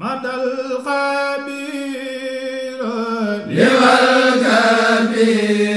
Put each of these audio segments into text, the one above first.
matal xabiir li wal kabir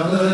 la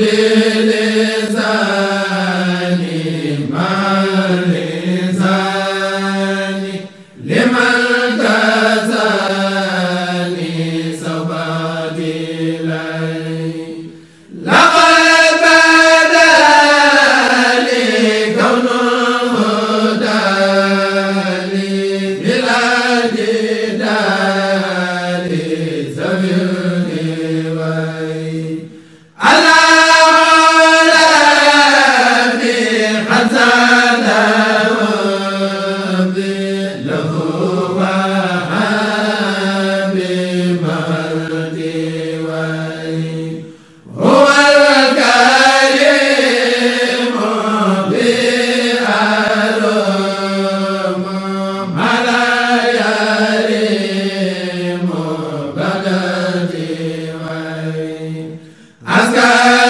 dee la